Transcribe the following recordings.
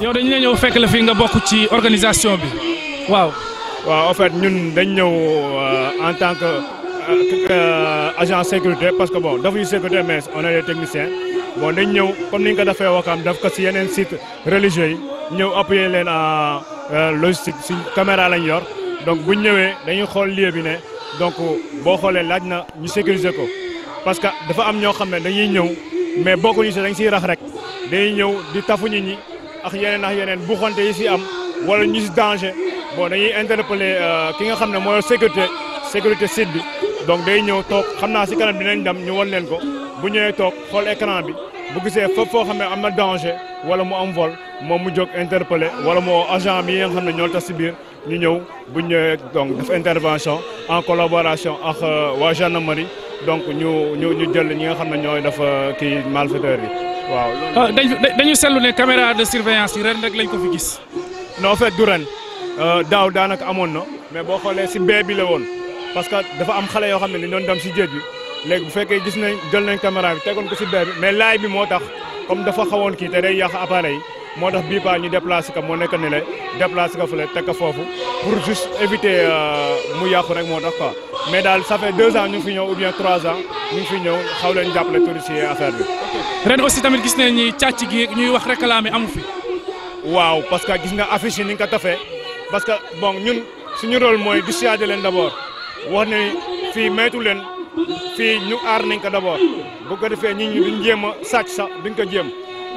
yow dañu la ñëw fekk la fi nga bokk ci organisation bi waaw. waaw en fait ñun dañ ñëw euh, en tant que euh, euh, agent sécurité parce que bon defuñu sécurité mais on est des bon dañ ñëw comme ni nga ko defee Wakaam daf ko si yeneen site religieux yi ñëw appuyer leen en logistique si caméra lañ yor donc buñ ñëwee dañuy xool lieu bi ne donc boo xoolee laaj na ñu sécuriser ko parce que dafa am ñoo xam ne dañuy ñëw mais bokkuñu si dañ siy rax rek dañuy ñëw di tafu ñi ak yeneen ak yeneen buxante yi si am wala ñu si danger bon dañuy interpeller euh, ki nga xam ne mooy sécurité sécurité site bi donc day ñëw toog xam naa si kanam dinañ dem ñu wan leen ko bu ñëwee toog xool écran bi bu gisee fépp foo xam ne am na danger wala mu am vol moom mu jóg interpellé wala moo agent bi yi nga xam ne ñoo tax si biir ñu ñëw bu ñëwee donc def intervention en collaboration ak euh, waa gendarmerie donc ñu ñu ñu jël ñi nga xam ne ñooy dafa euh, kii malfaiteur yi. waaw ah, dañu dañu seetlu ne caméra de surveillance yi ren rek lañ ko fi gis. noo en fait du ren euh, daaw daanaka amoon na mais boo xoolee si bee bi la woon parce que dafa am xale yoo xam ne dañu doon dem si géej bi léegi bu fekkee gis nañ jol nañ caméra bi tegoon ko si bee mais laay bi moo tax comme dafa xawoon kii te day yàq appareil yi moo tax bii paa ñu déplacé ko moo nekk ne la déplacé ko fële teg ko foofu pour juste éviter euh, mu yàqu rek moo tax quoi. mais daal ça fait deux ans ñu fi ñëw ou bien trois ans ñu ngi fi ñëw xaw leen jàppale touristes yi affaire bi. ren aussi tamit gis nañ ni càcc gi ñuy wax réclamer amu fi. waaw parce que gis nga affiche yi ni nga ko tafee parce que bon ñun suñu rol mooy du siyaade leen d' abord wax ne fii maytu leen fii ñu aar nañ ko d' abord bu ko defee ñi ñu duñ jéem a sàcc sax duñ ko jéem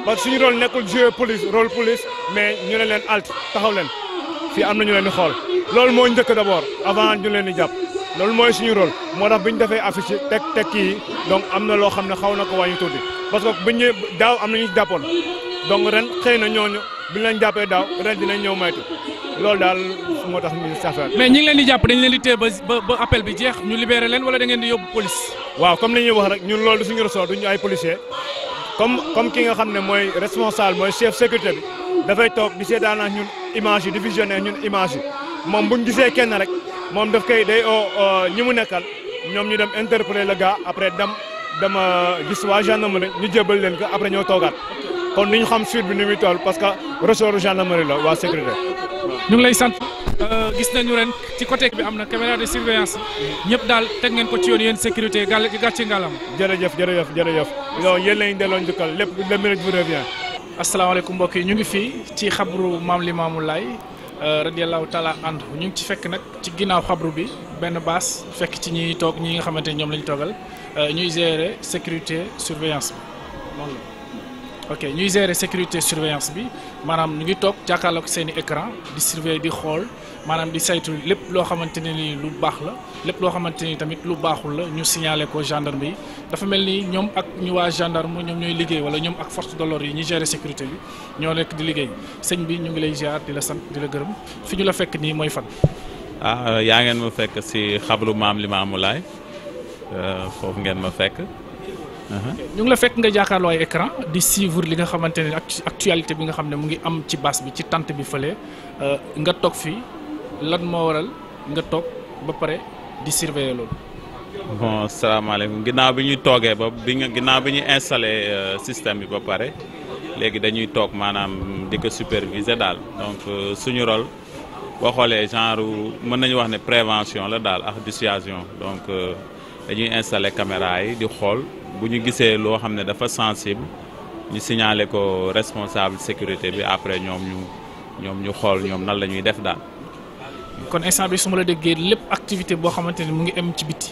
parce que suñu rôle nekkul jouer police rôle police mais ñu ne leen alt taxaw leen fii am na ñu leen di xool loolu moo njëkk abord avant ñu leen di jàpp. loolu mooy suñu rôle moo tax bi ñu defee affiche teg teg kii yi donc am na loo xam ne xaw na ko wàññi tuuti parce que biñ ñu daaw am na ñu jàppoon donc ren xëy na ñooñu biñ leen jàppee daaw ren dinañ ñëw maytu loolu daal moo tax ñu safar mais ñi leen di jàpp dañ leen di téye ba ba appel bi jeex ñu libéré leen wala da ngeen di yóbbu police. waaw comme li wax rek ñun loolu suñu ressort duñu ay policier comme comme ki nga xam ne mooy responsable mooy chef sécurité bi dafay toog di seetaan ñun image yi di visionné ñun image moom buñ kenn rek moom daf koy day oo ñi mu nekkal ñoom ñu dem interpeller la gaa après dem dem euh, gis waa gendarmerie ñu jébal leen ko après ñoo toogaat kon ni ñu xam suite bi ni muy toll parce que ressort gendarmerie la waa sécurité. ñu ngi lay sant. Euh, gis nañu ren ci côté bi am na caméra de surveillance ñëpp daal teg ngeen ko ci yoon yéen sécurité gàll gàcce ngalam. jërëjëf jërëjëf jërëjëf. yow yéen lañ delloo njukkal lépp le mérite vous revient. asalaamaaleykum mbokk yi ñu ngi fii ci xabru maam Limaamu Laay Euh, radiallahu taala and ñu ngi ci fekk nag ci ginnaaw xabru bi benn baas fekk ci ñiy toog ñi nga xamante ni ñoom lañu toogal euh, ñuy gérer sécurité surveillance bi la ok ñuy gérer sécurité surveillance bi maanaam ñu ngi toog jàkkaarloo ak seen i écran di surveiller di xool maanaam di saytu lépp loo xamante ne ni lu baax la lépp loo xamante ni tamit lu baaxul la ñu siñaale ko gendarme yi dafa mel ni ñoom ak ñu waa gendarme ñoom ñooy liggéey wala ñoom ak force de l'ordre yi ñu gérer sécurité bi ñoo nekk di liggéey sëñ bi ñu ngi lay ziar di la sant di la gërëm fi ñu la fekk nii mooy fan. ah yaa ngeen ma fekk si xabru maam Limaamu Laay euh, foofu ngeen ma fekk. ñu ngi la fekk nga jàkkaarloo ay écran di suivre li nga xamante ne actualité bi nga xam ne mu ngi am ci bas bi ci tante bi fële euh, nga toog fii. lan moo waral nga toog ba pare di surveiller loolu. bon salaamaaleykum ginnaaw bi ñuy toogee ba bi nga ginnaaw bi ñuy installé euh, système bi ba pare léegi dañuy toog maanaam di ko superviser daal donc euh, suñu rôle boo xoolee genre mën nañu wax ne prévention la daal ak dissuasion donc euh, dañuy installé caméra yi di xool bu ñu gisee loo xam ne dafa sensible ñu signaler ko responsable sécurité bi après ñoom ñu ñoom ñu xool ñoom nan la ñuy def daal. kon instant bi su ma la déggee lépp activité boo xamante ne mu ngi am ci biti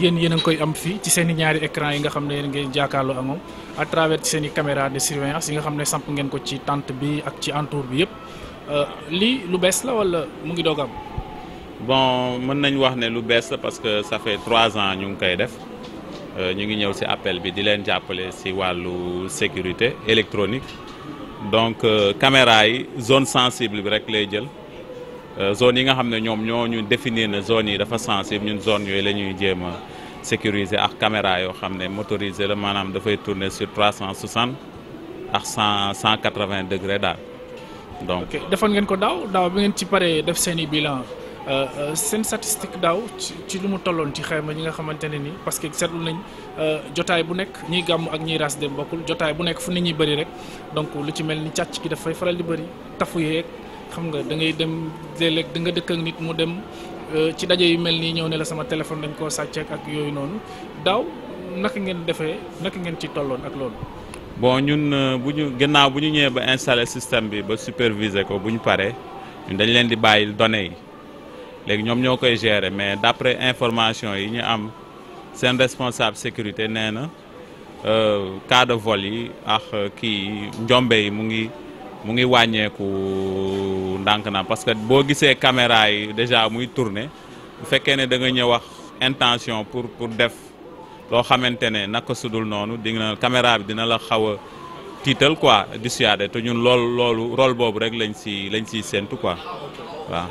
yéen yéen a koy am fii ci seen i ñaari écran yi nga xam ne yéen ngeen jàkkaarloo ak moom à travers ci seen i caméra de surveillance yi nga xam ne samp ngeen ko ci tente bi ak ci entour bi yëpp euh, lii lu bees la wala mu ngi doog am. bon mën nañu wax ne lu bees la parce que ça fait trois ans ñu ngi koy def euh, ñu ngi ñëw si appel bi di leen jàppale si wàllu sécurité électronique donc euh, caméra yi zone sensible bi rek lay jël. Euh, zone yi nga xam ne ñoom ñoo ñu définir ne zone yi dafa sensible ñun zone yooyu lañuy ñuy jéem sécuriser ak caméra yoo xam ne motorisé la maanaam dafay tourner sur 360 ak 100 180 degré daal donc. defoon ngeen ko daaw daaw bi ngeen ci paree def seen i bilan euh, euh, seen statistique daaw ci ci lu mu tolloon ci xayma ñi nga xamante ne nii parce que seetlu nañ jotaay bu nekk ñiy gàmm ak ñiy ras dem bokkul jotaay bu nekk fu nit ñi bëri rek donc lu ci mel ni càcc gi dafay faral di bëri tafu xam nga da ngay dem léeg-léeg da nga dëkk ak nit mu dem euh, ci daje yi mel nii ñëw ne la sama téléphone dañ koo sàcceek ak yooyu noonu daw naka ngeen defee naka ngeen ci tolloon ak loolu. bon ñun euh, bu ñu gannaaw bu ñu ñëwee ba installer système bi ba superviser ko bu ñu paree ñun dañ leen di bàyyil données yi léegi ñoom ñoo koy gérer mais d'après information yi ñu am seen responsable sécurité nee na euh, cas de vol yi ak kii njombe yi mu ngi. mu ngi wàññeeku ndànk na parce que boo gisee caméra yi déjà muy tourner bu fekkee ne da nga ñëw wax intention pour pour def loo xamante ne naka sudul noonu di na bi dina la xaw a tiital quoi dissuader te ñun loolu loolu rôle boobu rek lañ si lañ siy séntu quoi waaw.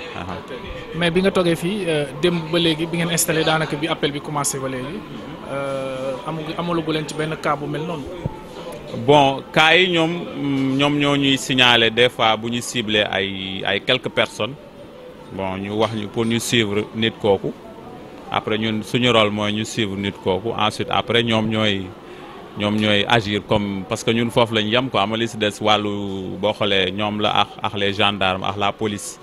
mais bi nga toogee fii euh, démb ba léegi bi ngeen installé daanaka bi appel bi commencé ba léegi euh, amul amulagu leen ci benn cas bu mel noonu. bon cas yi ñoom ñoom ñoo ñuy signaler des fois bu ñu cibler ay ay quelques personnes bon ñu wax ñu pour ñu suivre nit kooku après ñun suñu rôle mooy ñu suivre nit kooku ensuite après ñoom ñooy ñoom ñooy agir comme parce que ñun foofu lañ yem ko amali si des wàllu boo xoolee ñoom la ak ak les gendarmes ak la police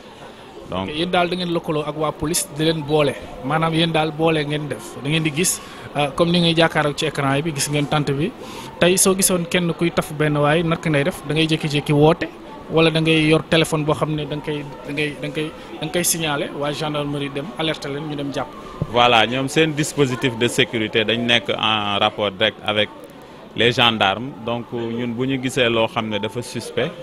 donc yéen daal da ngeen lëkkaloo ak waa police di leen boole maanaam yéen daal boole ngeen def da di gis euh, comme ni ngay jàkkaarloog ci écran yi bi gis ngeen tant bi tey soo gisoon kenn kuy taf benn waaye nak ngay def da ngay jékki-jékki woote wala dangay yor téléphone boo xam ne da nga koy ngay da nga koy da nga koy signalé waa gendarmerie dem alerté leen ñu dem jàpp. voilà ñoom seen dispositif de sécurité dañ nekk en rapport direct avec les gendarmes donc ñun bu ñu gisee loo xam ne dafa suspect.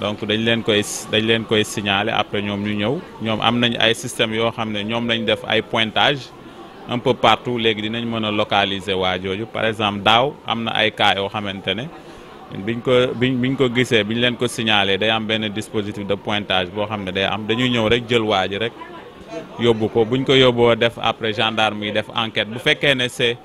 donc dañ leen koy dañ leen koy signaler après ñoom ñu ñëw ñoom am nañ ay système yoo xam ne ñoom lañ def ay pointage un peu partout léegi dinañ mën a localiser waa jooju par exemple daaw am na ay cas yoo xamante ne biñ ko biñ biñ ko gisee biñ leen ko signaler day am benn dispositif de pointage boo xam ne day am dañuy ñëw rek jël waa rek yóbbu ko buñ ko yóbboo def après gendarme yi def enquête bu fekkee ne c'est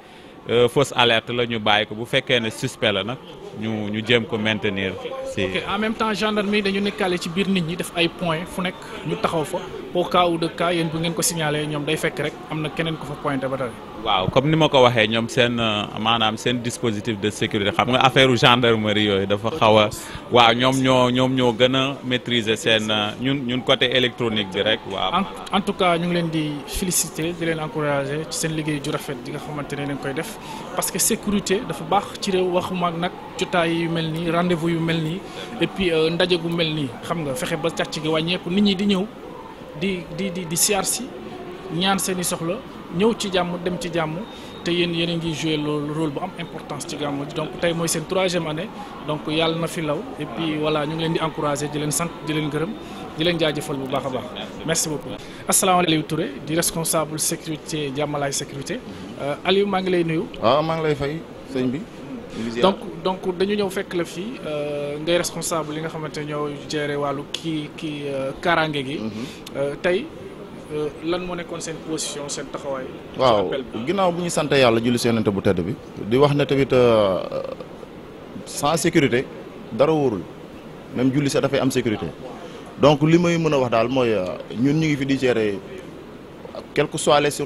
euh, fausse alerte la ñu bàyyi ko bu fekkee ne suspect la nag ñu ñu jéem ko maintenir si. ok en même temps gendarmerie dañu nekkaale ci biir nit ñi def ay point fu nekk ñu taxaw fa au cas où de cas bu ngeen ko signalé ñoom day fekk rek am na keneen ko fa pointé ba tare waaw ni ma ko waxee ñoom seen euh, maanaam seen dispositif de sécurité xam nga affaire gendarmerie yooyu dafa xaw a waaw ñoom ñoo ñoom ñoo gën a maîtriser seen euh, ñun ñun côté électronique bi rek waaw. en tout cas ñu ngi leen di féliciter di leen encourager ci seen liggéey ju rafet di xamante ne leen koy def parce que sécurité dafa baax ci réew waxuma nag. jotaay yu mel nii rendez-vous yu mel nii et puis euh, ndaje gu mel nii xam nga fexe ba càcc gi wàññeeku nit ñi di ñëw di di di di siyaar si ñaan seeni soxla ñëw ci jàmm dem ci jàmm te yéen yéen a ngi joué lu rôle bu am importance ci gàmmu donc tey seen troisième année donc yàlla na fi law et puis ñu ngi leen di encouragé di leen sant di leen gërëm di leen jaajëfal bu baax a baax. merci beaucoup asalaamaaleykum Aliou Touré di responsable sécurité jàmmalaay sécurité euh, Aliou maa ngi lay nuyu. waaw ah, maa ngi lay fay sëñ bi. donc donc dañu ñëw fekk la fii euh, ngay responsable li nga xamante ne ñoo gérer wàllu kii kii euh, kaaraange gi. Mhm. Euh, tey lan moo nekkoon seen position seen taxawaay. waaw ginnaaw bu ñu sant yàlla julli seenante bu tedd bi. di wax ne tamit sans sécurité dara wóorul même julli sax dafay am sécurité donc li may mën a wax daal mooy ñun ñu ngi fi di gérer. quelles que le les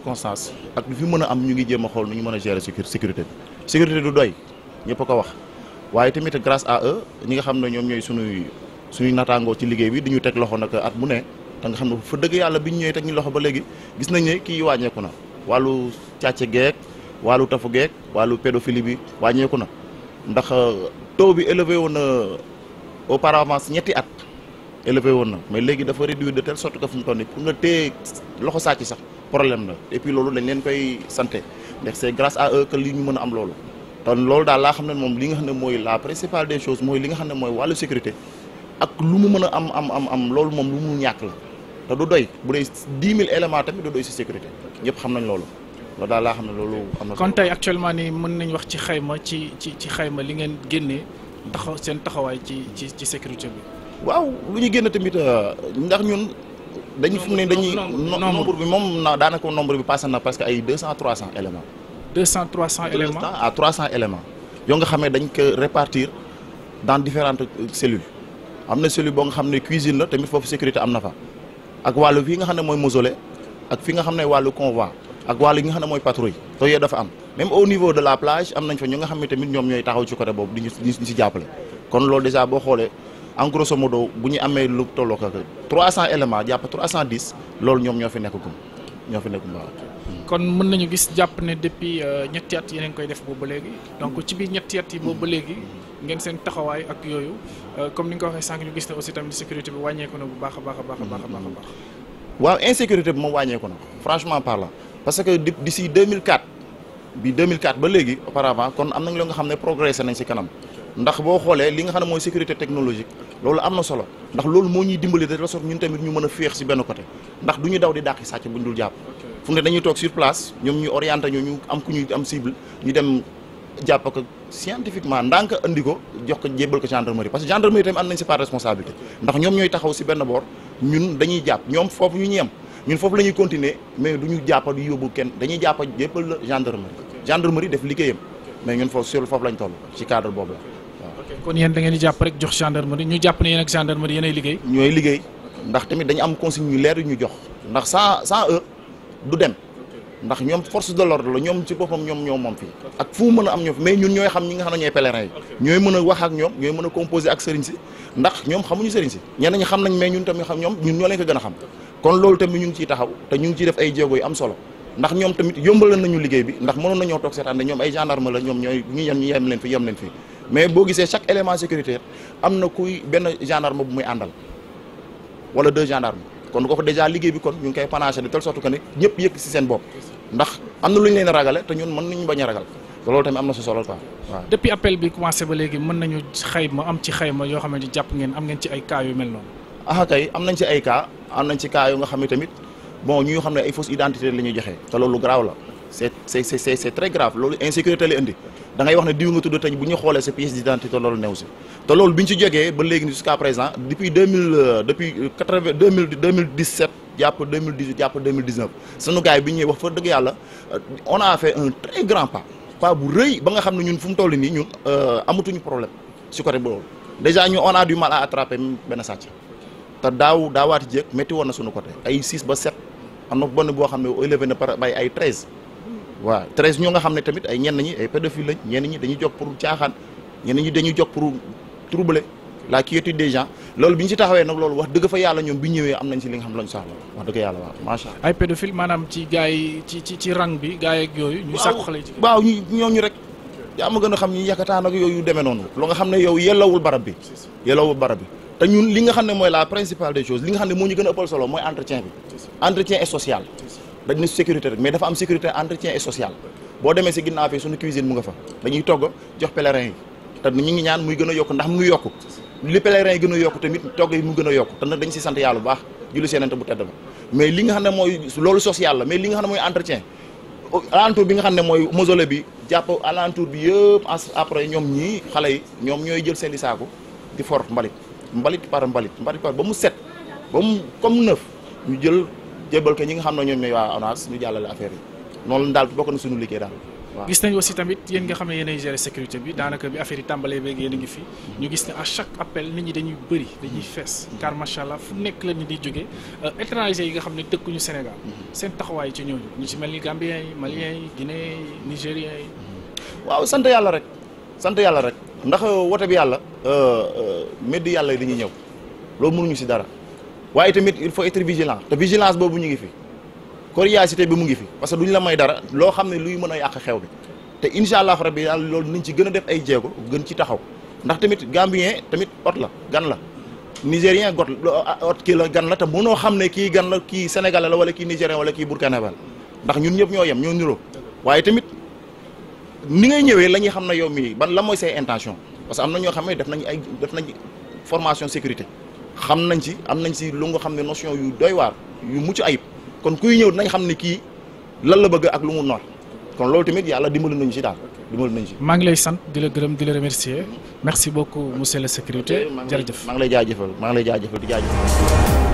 ak lu fi mën a am ñu ngi jéem a xool nu ñu mën a gérer sécurité bi sécurité du doy ñëpp a ko wax waaye tamit grâce a eux ñi nga xam ne ñoom ñooy suñuy suñuy nataangoo ci liggéey bi di ñu teg loxo nag at mu ne te nga xam ne fa dëgg yàlla bi ñu ñëwee teg ñu loxo ba léegi gis nañ ne kii wàññeeku na wàllu càcce geek wàllu tafu geek wàllu pédophilie bi wàññeeku na ndax taux bi élevé woon na auparavant ñetti at élevé woon na mais léegi dafa réduire de telle sorte que fu mu toll nii pour nga téye loxo sàcc sax problème na et loolu lañ leen koy santé ndax c'est grâce à eux ñu mën a am loolu te loolu daal laa xam ne moom li nga xam ne mooy la principale des choses mooy li nga xam ne mooy wàllu sécurité ak lu mu mën a am am am am loolu moom lu mu ñàkk la te du doy bu dee dix mille éléments tamit du doy si sécurité ñëpp xam nañ loolu loolu daal laa xam ne loolu am na kon tey actuellement nii mën nañu wax ci xayma ci ci ci xayma li ngeen génnee taxaw seen taxawaay ci ci ci sécurité bi waaw lu ñu génn tamit euh, ndax ñun dañu fi mu ne dañuy nombre bi moom na daanaka nombre bi passé na parce deux cent trois cent éléments à trois cent éléments yoo nga xam ne dañ ko répartir dans différentes cellules am na cellule boo nga xam ne cuisine la tamit foofu sécurité am na fa ak wàllu fii nga xam ne mooy mausolée ak fi nga xam ne wàllu convoi ak wàllu yi nga xam ne mooy patrouille te yooyu dafa am même au niveau de la plage am nañ fa ñu nga xam ne tamit ñoom ñooy taxaw ci côté boobu di ñu si jàppale kon loolu déjà boo xoolee en grosso bu ñu amee lu tolloo ko 300 éléments jàpp 310 loolu ñoom ñoo fi nekk gum ñoo fi nekk Mbawar. kon mën ñu gis jàpp ne depuis euh, ñetti at yeneen koy def boobu ba léegi donc ci biir ñetti at yi boobu ba léegi ngeen seen taxawaay ak yooyu euh, comme ni nga ko waxee sànq ñu gis ne aussi tamit sécurité bi wàññeeku na bu baax a baax a baax a baax a baax. waaw insécurité bi moom wàññeeku na franchement parlant parce que d'ici 2004 bi 2004 ba léegi auparavant kon am nañ nga xam ne progressé nañ si kanam. ndax boo xoolee li nga xam ne mooy sécurité technologique loolu am na solo ndax loolu moo ñuy dimbali de la ñun tamit ñu mën a féex si benn côté ndax du ñu daw di dàqi sàcc buñ dul jàpp fu ne dañuy toog sur place ñoom ñu orienté ñu ñu am ku ñu am cible ñu dem jàpp ko scientifiquement ndànk ko jox ko jébbal ko gendarmerie parce que gendarmerie tamit am nañ si part responsabilité ndax ñoom ñooy taxaw si benn boor ñun dañuy jàpp ñoom foofu ñu ñuy am ñun foofu la ñuy continuer mais du ñu jàpp di yóbbu kenn dañuy jàpp jébbal la gendarmerie gendarmerie def liggéeyam mais ñun foofu sur foofu lañ toll ci cadre boobu kon yéen da ngeen di jàpp rek jox gendarmerie ñu jàpp ne yéen ak gendarmerie yéenay liggéey. ñooy liggéey ndax am consigne leer yu ñu jox ndax saa sans eux du dem ndax ñoom force de l'ordre la ñoom ci boppam ñoom ñoom moom fii ak fu mu mën a am ñoo fi ñun ñooy xam ñi nga xam ne ñooy pèlerin yi a wax ak ñoom ñooy a composer ak sëriñ ñoom xamuñu sëriñ si ñenn ñi xam nañ mais ñun tamit ñoom ñun ñoo leen ko gën a xam kon loolu tamit ñu ngi ciy taxaw te ñu ngi ciy def ay jéego yu am solo ndax ñoom tamit yombal nañu liggéey bi ndax mënoon nañoo toog seetaan ne ñoom ay gendarme la ñoom ñu yem ñu yem leen fi yem leen fii mais boo gisee chaque élément sécuritaire am na kuy benn gendarme bu muy àndal wala deux gendarmes kon kooku déjà liggéey bi kon ñu ngi koy panaché de telle sorte que ne ñëpp yëkk si seen bopp ndax am na lu ñu leen ragale te ñun mën nañu bañ a ragal loolu tamit am na si solo quoi waaw. depuis appel bi commencé ba léegi mën nañu xayma am ci xayma yoo xamante jàpp ngeen am ngeen ci ay cas yu mel noonu. ah am nañ ci ay cas am nañ ci cas yu nga xam ne bon ñi nga xam ne ay fausse identité la ñuy joxe te loolu garaaw la. c'est c'est c'est c'est très grave loolu insécurité la indi da ngay wax ne diw nga tudd tey bu ñu xoolee sa pièce d'identité loolu new si te loolu bi ñu ci jógee ba léegi jusqu'à présent depuis deux mille euh, depuis quatre-vingt deux mille deux mille dix-sept jàpp deux mille dix-huit jàpp deux mille dix-neuf sunu gars yi bi ñuy wax fa dëgg yàlla euh, on a fait un très grand pas pas bu rëy ba nga xam ne ñun fu mu toll nii ñun euh, amatuñu problème si côté boobu déjà ñu on a du mal à attraper benn sàcc te daaw daawaati jéeg métti woon na suñu côté ay six ba sept am na bonn boo xam ne élevé na par bay ay treize waaw treize ñoo nga xam ne tamit ay ñenn ñi ay pédophile lañ ñenn ñi dañuy jóg pour caaxaan ñenn ñi dañuy jóg pour troubler la quiétude des gens loolu bi ñu si taxawee nag loolu wax dëgg fa yàlla ñoom bi ñëwee am nañ si li nga xam lañ soxla wax yàlla waaw macha allah. ay pédophile maanaam ci ci ci bi gars yeeg yooyu. ñu sàkku xale ci waaw ñu rek. yaa ma a xam ñi yàkkataan ak yooyu demee noonu. lu nga xam ne yow yellawul barab bi. yellawul barab bi te ñun li nga xam ne mooy la principale des choses li nga xam ne moo ñu gën a ëppal solo mooy entretien bi. entretien et social. dañ ne sécurité mais dafa am sécurité entretien et social boo demee si ginnaaw fii suñu cuisine mu nga fa dañuy togg jox pèlerin yi te ñu ngi ñaan muy gën a yokk ndax mu ngi yokk li pèlerin yi gën a yokk tamit togg yi mu gën a yokk te nag dañ si sant yàlla bu baax julli seenante bu tedd ba mais li nga xam ne mooy loolu social la mais li nga xam ne mooy entretien alentour bi nga xam ne mooy mosole bi jàpp alentour bi yëpp après ñoom ñii xale yi ñoom ñooy jël seen i saako di for mbalit mbalit par mbalit mbalit par ba mu set ba mu comme ñu jël jébbal ko ñi nga xam ne ñoom ñooy waa ONAS ñu jàllale affaire yi noonu daal bokk na suñu liggéey daal waaw gis nañu aussi tamit yéen nga xam ne yéenay gérer sécurité bi daanaka bi affaire yi tàmbalee beeg yéen a ngi fi mm-hmm. ñu gis ne à chaque appel nit ñi dañuy bëri dañuy mm-hmm. fees mm-hmm. car macha allah fu nekk la nit di jógee euh, étranger yi nga xam ne dëkkuñu Sénégal seen taxawaay ci ñooñu ñu ci mel ni Gambien yi Malien yi Guinée yi Nigérien yi waaw sant yàlla rek sant yàlla rek ndax euh, wote bi yàlla euh, médd yàlla yi dañuy ñëw loolu mënuñu si dara waaye tamit il faut être vigilant te vigilance boobu ñu ngi fi curiosité bi mu ngi fi parce que duñ la may dara loo xam ne luy mën a yàq xew bi te incha allah rabbi daal lool nañ ci gën a def ay jéego gën ci taxaw ndax tamit gambien tamit ot la gan la nigérien got ot kii la gan la te mënoo xam ne kii gan la kii sénégalais la wala kii nigérien wala kii burkinabé ndax ñun ñëpp ñoo yem ñoo niroo waaye tamit ni ngay ñëwee la ñuy xam ne yow mii ban la mooy say intention parce que am na ñoo xam ne def nañ ay def nañ formation sécurité xam nañ ci am nañ si lu nga xam ne notion yu doy waar yu mucc ayib kon kuy ñëw nañ xam ne kii lan la bëgg ak lu mu noor kon loolu tamit yàlla dimbali nañu si daal dimbali nañu si. maa ngi lay sant di la gërëm di la remercier merci beaucoup monsieur le secrétaire jërëjëf. maa ngi lay jaajëfal maa ngi lay jaajëfal di jaajëfal.